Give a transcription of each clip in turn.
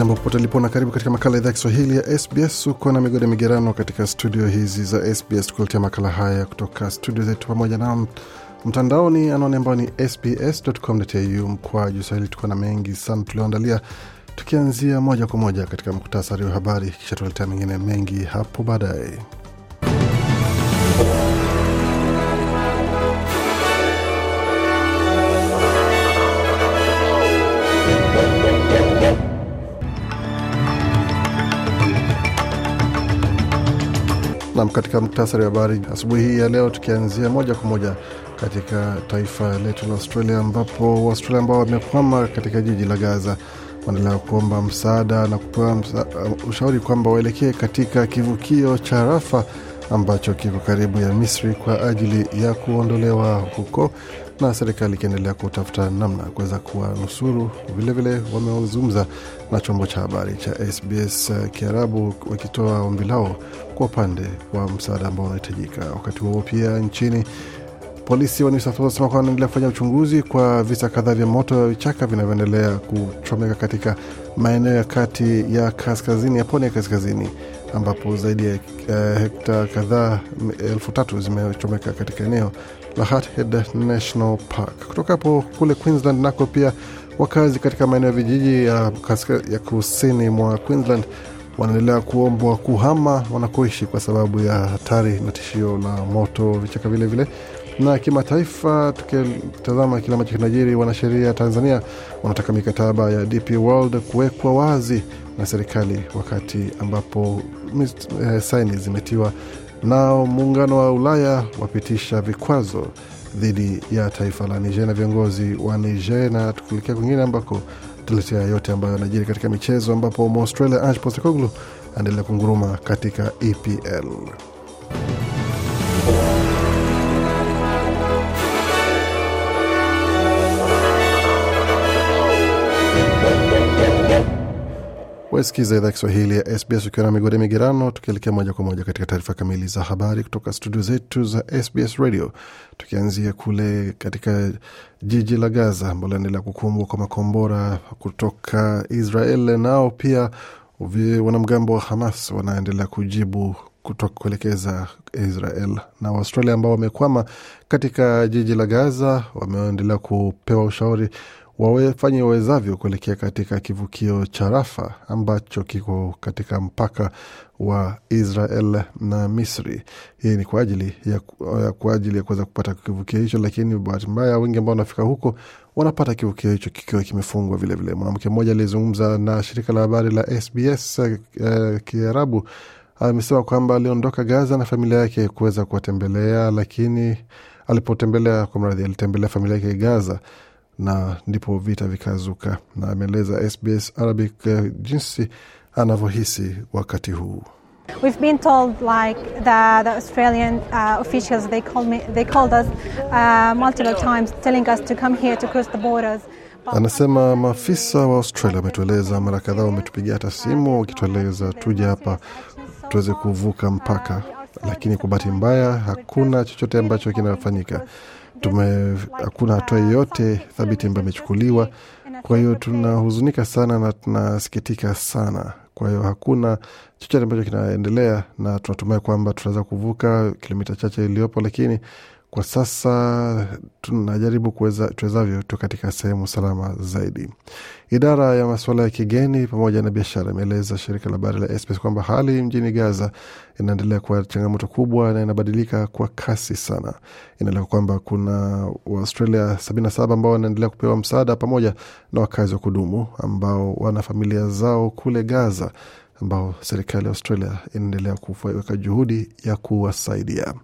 jambo popote lipo na karibu katika makala idhaa ya Kiswahili ya SBS. Uko na migode migerano katika studio hizi za SBS tukuletea makala haya kutoka studio zetu pamoja na mtandaoni, anwani ambao ni sbs.com.au mkwa juu swahili. Tuko na mengi sana tulioandalia, tukianzia moja kwa moja katika muktasari wa habari, kisha tuletea mengine mengi hapo baadaye. Nam, katika muktasari wa habari asubuhi hii ya leo, tukianzia moja kwa moja katika taifa letu la Australia, ambapo Waustralia ambao wamekwama katika jiji la Gaza wanaendelea kuomba msaada na kupewa uh, ushauri kwamba waelekee katika kivukio cha Rafa ambacho kiko karibu ya Misri kwa ajili ya kuondolewa huko na serikali ikiendelea kutafuta namna ya kuweza kuwanusuru. Vilevile wamezungumza na chombo cha habari cha SBS Kiarabu wakitoa ombi lao kwa upande wa msaada ambao unahitajika. Wakati huo pia nchini Polisi wa New South Wales wanaendelea kufanya uchunguzi kwa visa kadhaa vya moto ya vichaka vinavyoendelea kuchomeka katika maeneo ya kati ya kaskazini ya pwani ya kaskazini ambapo zaidi ya uh, hekta kadhaa elfu tatu zimechomeka katika eneo la Harthead National Park. Kutoka hapo kule Queensland nako pia wakazi katika maeneo ya vijiji ya, ya kusini mwa Queensland wanaendelea kuombwa kuhama wanakoishi kwa sababu ya hatari na tishio la moto, vichaka vilevile vile na kimataifa, tukitazama kile ambacho kinajiri, wanasheria Tanzania wanataka mikataba ya DP World kuwekwa wazi na serikali, wakati ambapo eh, saini zimetiwa. Nao muungano wa Ulaya wapitisha vikwazo dhidi ya taifa la Niger na viongozi wa Niger. Na tukuelekea kwingine ambako tuletea yote ambayo anajiri katika michezo, ambapo Mwaustralia Ange Postecoglou anaendelea kunguruma katika EPL. Wasikiza idhaa Kiswahili ya SBS ukiwa na migode migerano, tukielekea moja kwa moja katika taarifa kamili za habari kutoka studio zetu za SBS Radio, tukianzia kule katika jiji la Gaza ambalo linaendelea kukumbwa kwa makombora kutoka Israel. Nao pia wanamgambo wa Hamas wanaendelea kujibu kutoka kuelekeza Israel na Waustralia ambao wamekwama katika jiji la Gaza wameendelea kupewa ushauri wafanye wawezavyo kuelekea katika kivukio cha Rafa ambacho kiko katika mpaka wa Israel na Misri. Hii ni kwa ajili ya, kwa ajili ya kuweza kupata kivukio hicho, lakini bahati mbaya wengi ambao wanafika huko wanapata kivukio hicho kikiwa kimefungwa. Vilevile, mwanamke mmoja aliyezungumza na shirika la habari la SBS eh, Kiarabu amesema kwamba aliondoka Gaza na familia yake kuweza kuwatembelea, lakini alipotembelea kwa mradhi, alitembelea familia yake Gaza na ndipo vita vikazuka, na ameeleza SBS Arabic uh, jinsi anavyohisi wakati huu. We've been told like the, the Australian uh, officials they called me, they called us uh, multiple times telling us to come here to cross the borders. Anasema maafisa wa Australia wametueleza mara kadhaa, wametupigia hata simu wakitueleza tuje hapa tuweze kuvuka mpaka, lakini kwa bahati mbaya hakuna chochote ambacho kinafanyika tume, hakuna hatua yeyote thabiti ambayo imechukuliwa. Kwa hiyo tunahuzunika sana na tunasikitika sana. Kwa hiyo hakuna chochote ambacho kinaendelea, na tunatumai kwamba tunaweza kuvuka kilomita chache iliyopo, lakini kwa sasa tunajaribu tuwezavyo tu katika sehemu salama zaidi. Idara ya masuala ya kigeni pamoja na biashara imeeleza shirika la habari la SBS kwamba hali mjini Gaza inaendelea kuwa changamoto kubwa na inabadilika kwa kasi sana. Inaeleka kwamba kuna Waaustralia 77 ambao wanaendelea kupewa msaada pamoja na wakazi wa kudumu ambao wana familia zao kule Gaza ambao serikali ya Australia inaendelea kuweka juhudi ya kuwasaidia.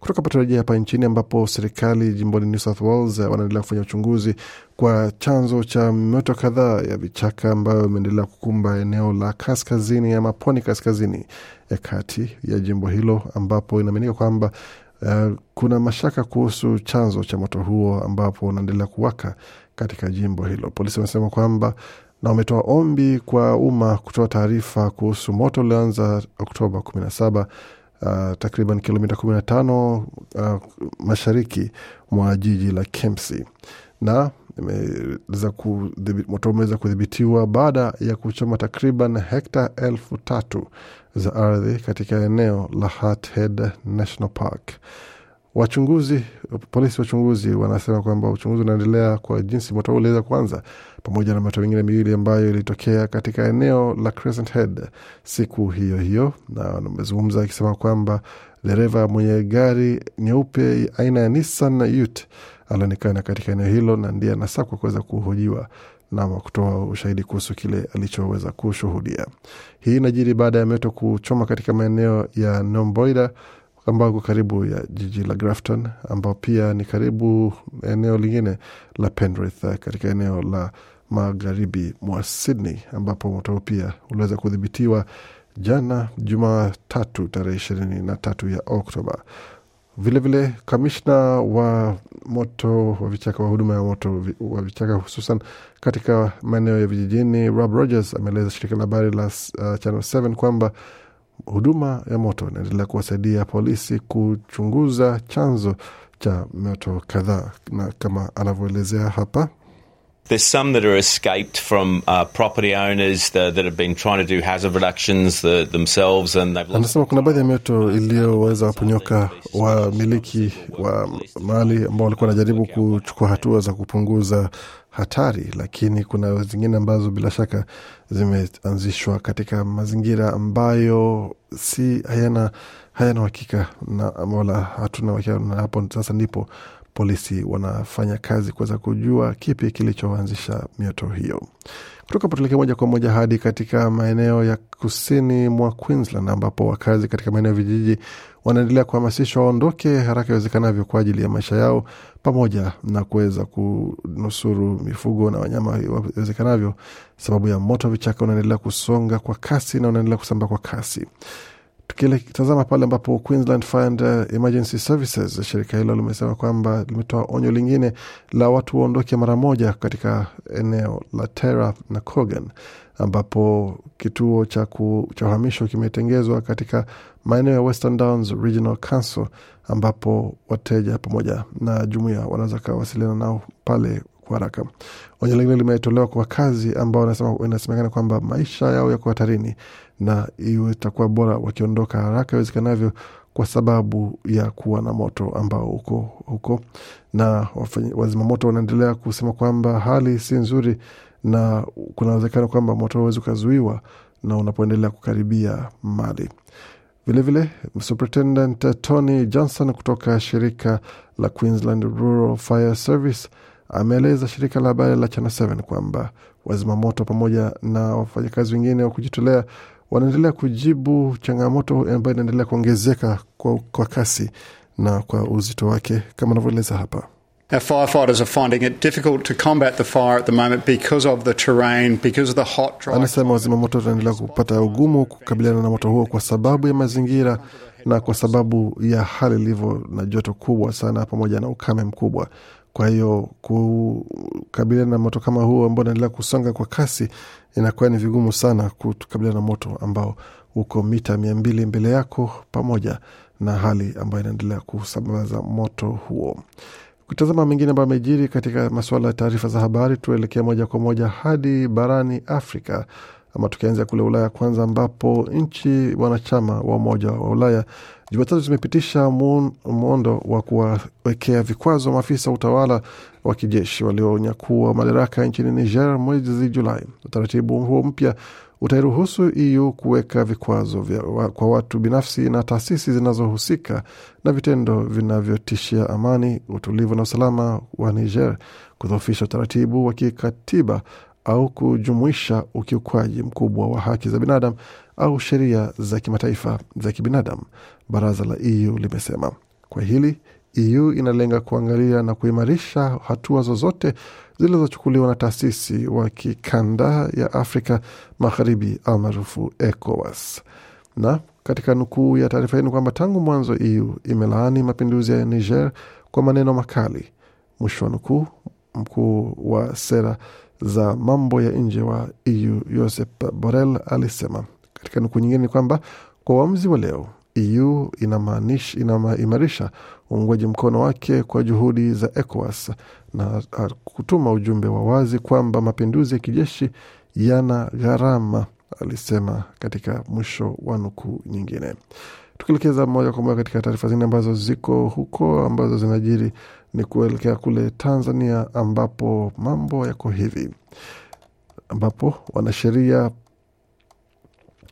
Kutoka patarajia hapa nchini, ambapo serikali jimboni New South Wales wanaendelea kufanya uchunguzi kwa chanzo cha mioto kadhaa ya vichaka ambayo imeendelea kukumba eneo la kaskazini ama pwani kaskazini ya kati ya jimbo hilo, ambapo inaaminika kwamba uh, kuna mashaka kuhusu chanzo cha moto huo ambapo unaendelea kuwaka katika jimbo hilo. Polisi wamesema kwamba na wametoa ombi kwa umma kutoa taarifa kuhusu moto ulioanza Oktoba 17 uh, takriban kilomita 15 uh, mashariki mwa jiji la Kempsey na moto umeweza kudhibitiwa baada ya kuchoma takriban hekta elfu tatu za ardhi katika eneo la Harthead National Park. Wachunguzi polisi wachunguzi wanasema kwamba uchunguzi unaendelea kwa jinsi moto huu uliweza kuanza pamoja na moto mingine miwili ambayo ilitokea katika eneo la Crescent Head siku hiyo hiyo, na amezungumza akisema kwamba dereva mwenye gari nyeupe aina ya Nissan Ute alionekana katika eneo hilo na ndiye anasakwa kuweza kuhojiwa na kutoa ushahidi kuhusu kile alichoweza kushuhudia. Hii inajiri baada ya moto kuchoma katika maeneo ya Nomboida ambao uko karibu ya jiji la Grafton, ambao pia ni karibu eneo lingine la Penrith eh, katika eneo la magharibi mwa Sydney, ambapo moto huu pia uliweza kudhibitiwa jana Jumatatu tarehe ishirini na tatu ya Oktoba. Vilevile, kamishna wa moto wa vichaka wa huduma ya moto wa vichaka hususan katika maeneo ya vijijini Rob Rogers ameeleza shirika la habari la uh, Channel 7 kwamba huduma ya moto inaendelea kuwasaidia polisi kuchunguza chanzo cha moto kadhaa, na kama anavyoelezea hapa uh, uh, anasema kuna baadhi ya mioto iliyoweza waponyoka wamiliki wa mali ambao walikuwa wanajaribu kuchukua hatua za kupunguza hatari, lakini kuna zingine ambazo bila shaka zimeanzishwa katika mazingira ambayo si hayana hayana uhakika na wala hatuna uhakika, na hapo sasa ndipo polisi wanafanya kazi kuweza kujua kipi kilichoanzisha mioto hiyo. Kutoka potulekea moja kwa moja hadi katika maeneo ya kusini mwa Queensland, ambapo wakazi katika maeneo ya vijiji wanaendelea kuhamasishwa waondoke haraka iwezekanavyo kwa ajili ya maisha yao pamoja na kuweza kunusuru mifugo na wanyama iwezekanavyo, sababu ya moto vichaka unaendelea kusonga kwa kasi na unaendelea kusambaa kwa kasi tukitazama pale ambapo Queensland Fire uh, Emergency Services, shirika hilo limesema kwamba limetoa onyo lingine la watu waondoke mara moja katika eneo la Tera na cogan ambapo kituo cha uhamisho kimetengezwa katika maeneo ya Western Downs Regional Council ambapo wateja pamoja na jumuiya wanaweza kawasiliana nao pale kwa haraka. Onyo lingine limetolewa kwa wakazi ambao inasemekana kwamba maisha yao yako hatarini na itakuwa bora wakiondoka haraka iwezekanavyo kwa sababu ya kuwa na moto ambao uko huko, na wazimamoto wanaendelea kusema kwamba hali si nzuri na kuna uwezekano kwamba moto huwezi ukazuiwa na unapoendelea kukaribia mali vilevile Superintendent Tony Johnson kutoka shirika la Queensland Rural Fire Service ameeleza shirika la habari la Chana 7 kwamba wazimamoto pamoja na wafanyakazi wengine wa kujitolea wanaendelea kujibu changamoto ambayo inaendelea kuongezeka kwa, kwa kasi na kwa uzito wake kama anavyoeleza hapa. Anasema wazima moto kupata ugumu kukabiliana na moto huo kwa sababu ya mazingira na kwa sababu ya hali ilivyo na joto kubwa sana pamoja na ukame mkubwa. Kwa hiyo kukabiliana na moto kama huo ambao unaendelea kusonga kwa kasi, inakuwa ni vigumu sana kukabiliana na moto ambao uko mita mia mbili mbele yako, pamoja na hali ambayo inaendelea kusambaza moto huo. Kutazama mengine ambayo amejiri katika masuala ya taarifa za habari, tuelekea moja kwa moja hadi barani Afrika ama tukianzia kule Ulaya kwanza, ambapo nchi wanachama wa Umoja wa Ulaya Jumatatu zimepitisha mwondo wa kuwawekea vikwazo maafisa wa utawala wa kijeshi walionyakua madaraka nchini Niger mwezi Julai. Utaratibu huo mpya utairuhusu EU kuweka vikwazo vya, wa, kwa watu binafsi na taasisi zinazohusika na vitendo vinavyotishia amani, utulivu na usalama wa Niger, kudhoofisha utaratibu wa kikatiba au kujumuisha ukiukwaji mkubwa wa haki za binadamu au sheria za kimataifa za kibinadamu, baraza la EU limesema. Kwa hili EU inalenga kuangalia na kuimarisha hatua zozote zilizochukuliwa na taasisi wa kikanda ya Afrika Magharibi almaarufu ECOWAS. Na katika nukuu ya taarifa hii ni kwamba tangu mwanzo EU imelaani mapinduzi ya Niger kwa maneno makali, mwisho wa nukuu. Mkuu wa sera za mambo ya nje wa EU Josep Borrell alisema. Katika nukuu nyingine ni kwamba kwa uamuzi wa leo EU inaimarisha uungwaji mkono wake kwa juhudi za ECOWAS na kutuma ujumbe wa wazi kwamba mapinduzi ya kijeshi yana gharama, alisema katika mwisho wa nukuu nyingine. Tukielekeza moja kwa moja katika taarifa zingine ambazo ziko huko ambazo zinajiri ni kuelekea kule Tanzania ambapo mambo yako hivi, ambapo wanasheria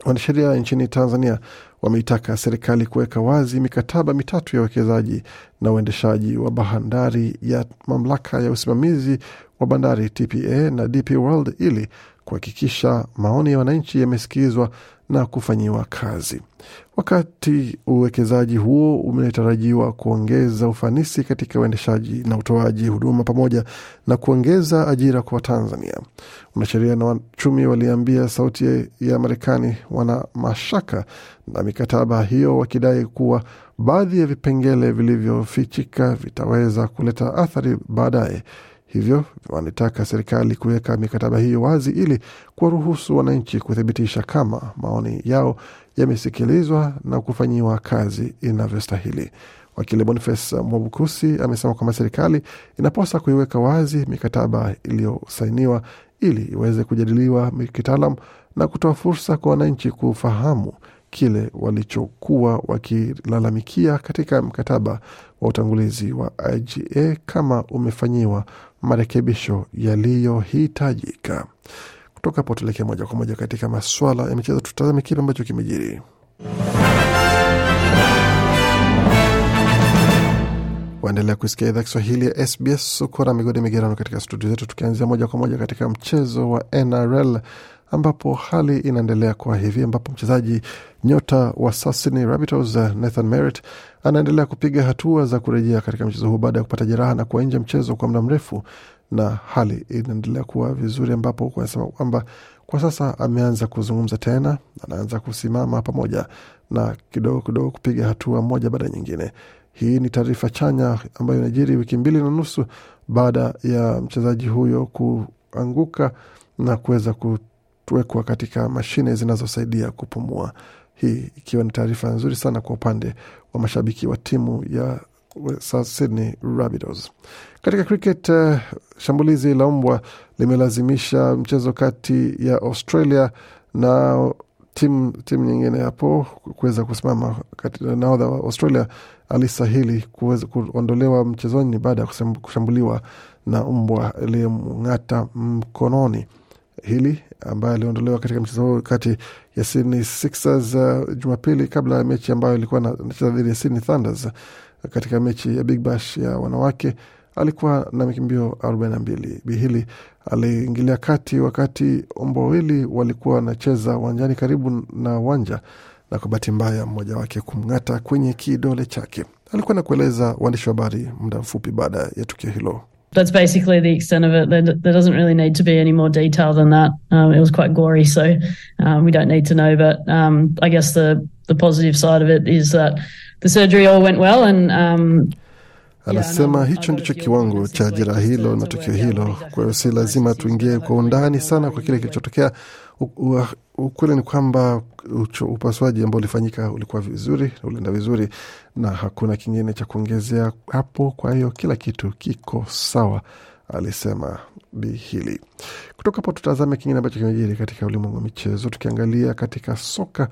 wanasheria nchini Tanzania wameitaka serikali kuweka wazi mikataba mitatu ya uwekezaji na uendeshaji wa bandari ya mamlaka ya usimamizi wa bandari TPA na DP World ili kuhakikisha maoni ya wananchi yamesikizwa na kufanyiwa kazi wakati uwekezaji huo umetarajiwa kuongeza ufanisi katika uendeshaji na utoaji huduma pamoja na kuongeza ajira kwa Tanzania. Wanasheria na wachumi waliambia Sauti ya Marekani wana mashaka na mikataba hiyo, wakidai kuwa baadhi ya vipengele vilivyofichika vitaweza kuleta athari baadaye. Hivyo wanataka serikali kuweka mikataba hiyo wazi ili kuwaruhusu wananchi kuthibitisha kama maoni yao yamesikilizwa na kufanyiwa kazi inavyostahili. Wakili Boniface Mwabukusi amesema kwamba serikali inapaswa kuiweka wazi mikataba iliyosainiwa ili iweze kujadiliwa kitaalam na kutoa fursa kwa wananchi kufahamu kile walichokuwa wakilalamikia katika mkataba wa utangulizi wa IGA kama umefanyiwa marekebisho yaliyohitajika. Kutoka hapo tuelekee moja kwa moja katika maswala ya michezo, tutazame kipi ambacho kimejiri. Waendelea kuisikia idhaa Kiswahili ya SBS ukora migodi migerano katika studio zetu, tukianzia moja kwa moja katika mchezo wa NRL ambapo hali inaendelea kwa hivi, ambapo mchezaji nyota wa Sydney Rabbitohs Nathan Merritt anaendelea kupiga hatua za kurejea katika mchezo huu baada ya kupata jeraha na kuwa nje mchezo kwa muda mrefu na hali inaendelea kuwa vizuri, ambapo sababu kwamba kwa sasa ameanza kuzungumza tena, anaanza kusimama pamoja na kidogo kidogo kupiga hatua moja baada nyingine. Hii ni taarifa chanya ambayo inajiri wiki mbili na nusu baada ya mchezaji huyo kuanguka na kuweza kuwekwa katika mashine zinazosaidia kupumua, hii ikiwa ni taarifa nzuri sana kwa upande wa mashabiki wa timu ya South Sydney Rabbitohs. Katika cricket, uh, shambulizi la mbwa limelazimisha mchezo kati ya Australia na timu timu nyingine hapo kuweza kusimama. Nahodha wa Australia alistahili kuweza kuondolewa mchezoni baada ya kushambuliwa na mbwa aliyemng'ata mkononi hili ambaye aliondolewa katika mchezo huo kati ya Sydney Sixers uh, Jumapili kabla ya mechi ambayo ilikuwa inacheza dhidi ya Sydney Thunders katika mechi ya Big Bash ya wanawake alikuwa na mikimbio 42. Bihili aliingilia kati wakati wawili walikuwa wanacheza uwanjani karibu na uwanja, na kwa bahati mbaya mmoja wake kumng'ata kwenye kidole chake. Alikuwa na kueleza waandishi wa habari muda mfupi baada ya tukio hilo. That's basically the extent of it. There, really need to be any more than that. Um, it was quite so um, we don't need to know. But um, I guess the the positive side of it is that the surgery all went well and um, Anasema hicho ndicho kiwango cha jeraha hilo na tukio hilo. Kwa hiyo si lazima tuingie kwa undani sana kwa kile kilichotokea. Ukweli ni kwamba upasuaji ambao ulifanyika ulikuwa vizuri, ulienda vizuri na hakuna kingine cha kuongezea hapo. Kwa hiyo kila kitu kiko sawa, alisema Bi Hili. Kutoka po tutazame kingine ambacho kimejiri katika ulimwengu wa michezo, tukiangalia katika soka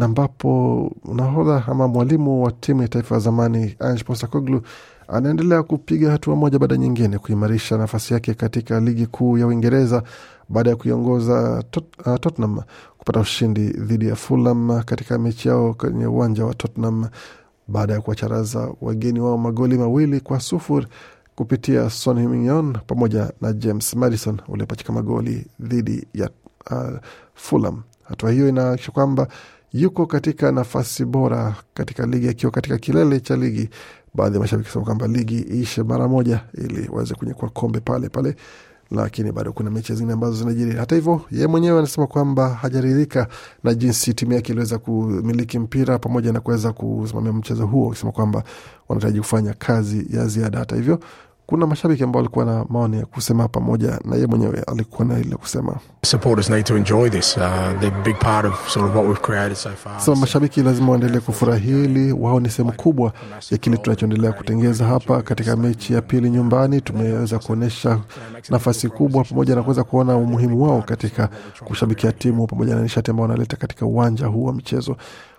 ambapo nahodha ama mwalimu wa timu ya taifa ya zamani Ange Postecoglou anaendelea kupiga hatua moja baada nyingine kuimarisha nafasi yake katika ligi kuu ya Uingereza baada ya kuiongoza tot, uh, Tottenham kupata ushindi dhidi ya Fulham katika mechi yao kwenye uwanja wa Tottenham baada ya kuwacharaza wageni wao magoli mawili kwa sufuri kupitia Son Heung-min pamoja na James Madison waliopatikana magoli dhidi ya uh, Fulham. Hatua hiyo inaakisha kwamba yuko katika nafasi bora katika ligi akiwa katika kilele cha ligi. Baadhi ya mashabiki sema kwamba ligi iishe mara moja ili waweze kunyakua kombe pale pale, lakini bado kuna mechi zingine ambazo zinajiri. Hata hivyo, ye mwenyewe anasema kwamba hajaridhika na jinsi timu yake iliweza kumiliki mpira pamoja na kuweza kusimamia mchezo huo, akisema kwamba wanahitaji kufanya kazi ya ziada. Hata hivyo kuna mashabiki ambao walikuwa na maoni ya kusema pamoja na ye mwenyewe alikuwa na ile kusema uh, so mashabiki lazima waendelee kufurahia hili. Wao ni sehemu kubwa ya kile tunachoendelea kutengeza hapa. Katika mechi ya pili nyumbani, tumeweza kuonyesha nafasi kubwa, pamoja na kuweza kuona umuhimu wao katika kushabikia timu pamoja na nishati ambao wanaleta katika uwanja huu wa michezo.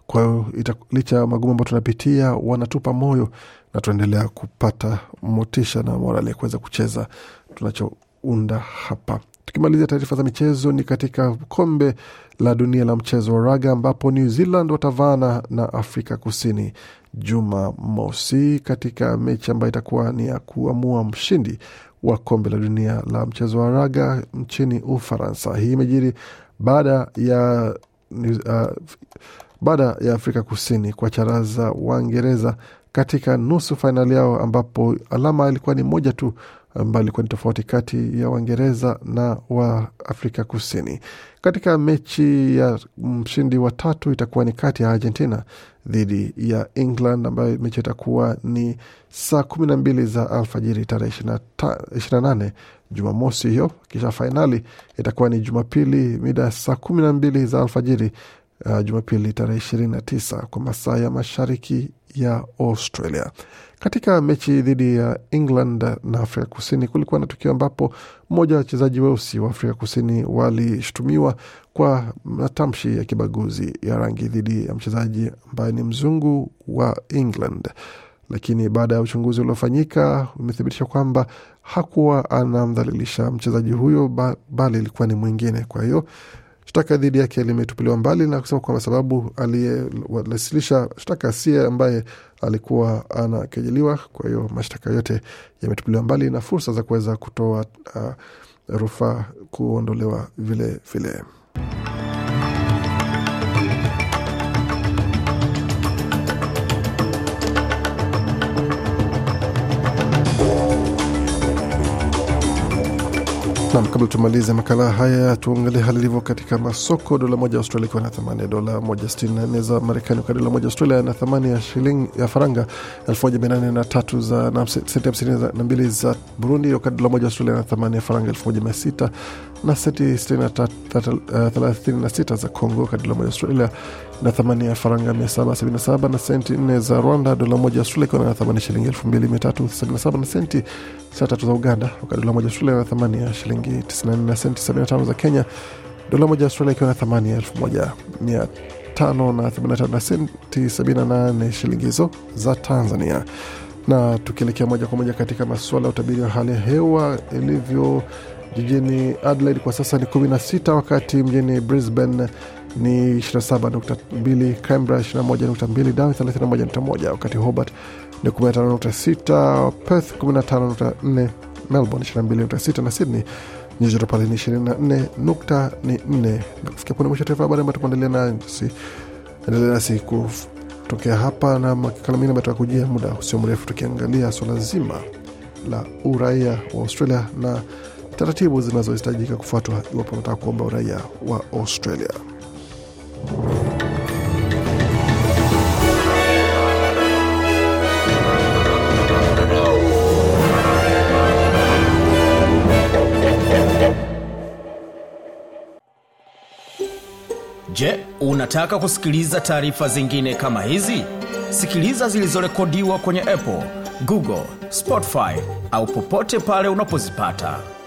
Kwa hiyo licha ya magumu ambayo tunapitia, wanatupa moyo na tunaendelea kupata motisha na morali ya kuweza kucheza tunachounda hapa. Tukimalizia taarifa za michezo, ni katika kombe la dunia la mchezo wa raga ambapo New Zealand watavana na Afrika Kusini juma mosi katika mechi ambayo itakuwa ni ya kuamua mshindi wa kombe la dunia la mchezo wa raga nchini Ufaransa. Hii imejiri baada ya uh, baada ya Afrika Kusini kwa charaza Waingereza katika nusu fainali yao, ambapo alama ilikuwa ni moja tu ambayo ilikuwa ni tofauti kati ya Waingereza na wa Afrika Kusini. Katika mechi ya mshindi wa tatu itakuwa ni kati ya Argentina dhidi ya England, ambayo mechi itakuwa ni saa kumi na mbili za alfajiri tarehe ishirini na nane Jumamosi hiyo, kisha fainali itakuwa ni Jumapili mida ya saa kumi na mbili za alfajiri uh, Jumapili tarehe tisa kwa masaa ya mashariki ya Australia. Katika mechi dhidi ya England na Afrika Kusini kulikuwa na tukio ambapo mmoja wa wachezaji weusi wa Afrika Kusini walishutumiwa kwa matamshi ya kibaguzi ya rangi dhidi ya mchezaji ambaye ni mzungu wa England, lakini baada ya uchunguzi uliofanyika umethibitisha kwamba hakuwa anamdhalilisha mchezaji huyo ba, bali ilikuwa ni mwingine. Kwa hiyo Shtaka dhidi yake limetupiliwa mbali na kusema kwamba sababu aliyewasilisha shtaka sie ambaye alikuwa anakejeliwa. Kwa hiyo mashtaka yote yametupiliwa mbali na fursa za kuweza kutoa uh, rufaa kuondolewa vilevile vile. Nam, kabla tumalize makala haya, tuangalie hali ilivyo katika masoko. Dola moja ya Australia ikiwa na thamani ya dola moja sitini na nne za Marekani, wakati dola moja ya Australia na thamani ya shilingi ya faranga elfu moja mia nane na tatu za senti hamsini na mbili za Burundi, wakati dola moja ya Australia na thamani ya faranga elfu moja mia sita na seti 36 eh, za Kongo kwa dola moja Australia na thamani ya faranga 777 na senti 4 za Rwanda, dola moja Australia ikiwa na thamani ya shilingi 2377 na senti 63 za Uganda, Kwa dola moja Australia na thamani ya shilingi 94 na senti 75 za Kenya, dola moja Australia ikiwa na thamani ya 1585 na 85 na senti 78 shilingi hizo za Tanzania. Na tukielekea moja kwa moja katika masuala ya utabiri wa hali ya hewa ilivyo jijini Adelaide kwa sasa ni 16, wakati mjini Brisbane ni 27.2, Canberra 21.2, Darwin 31.1, wakati Hobart ni 15.6, Perth 15.4, Melbourne 22.6 na Sydney nyuzi joto pale ni 24.4. Na kufikia punde mwisho taarifa habari ambayo tumeandalia nasi, endelea nasi kutokea hapa na makala mengine ambayo tutakujia muda usio mrefu, tukiangalia swala so zima la uraia wa Australia na taratibu zinazohitajika kufuatwa iwapo unataka kuomba uraia wa Australia. Je, unataka kusikiliza taarifa zingine kama hizi? Sikiliza zilizorekodiwa kwenye Apple, Google, Spotify au popote pale unapozipata.